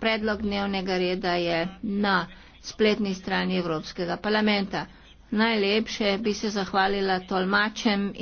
predlog dnevnega reda je na spletni strani Evropskega parlamenta. Najlepše bi se zahvalila tolmačem.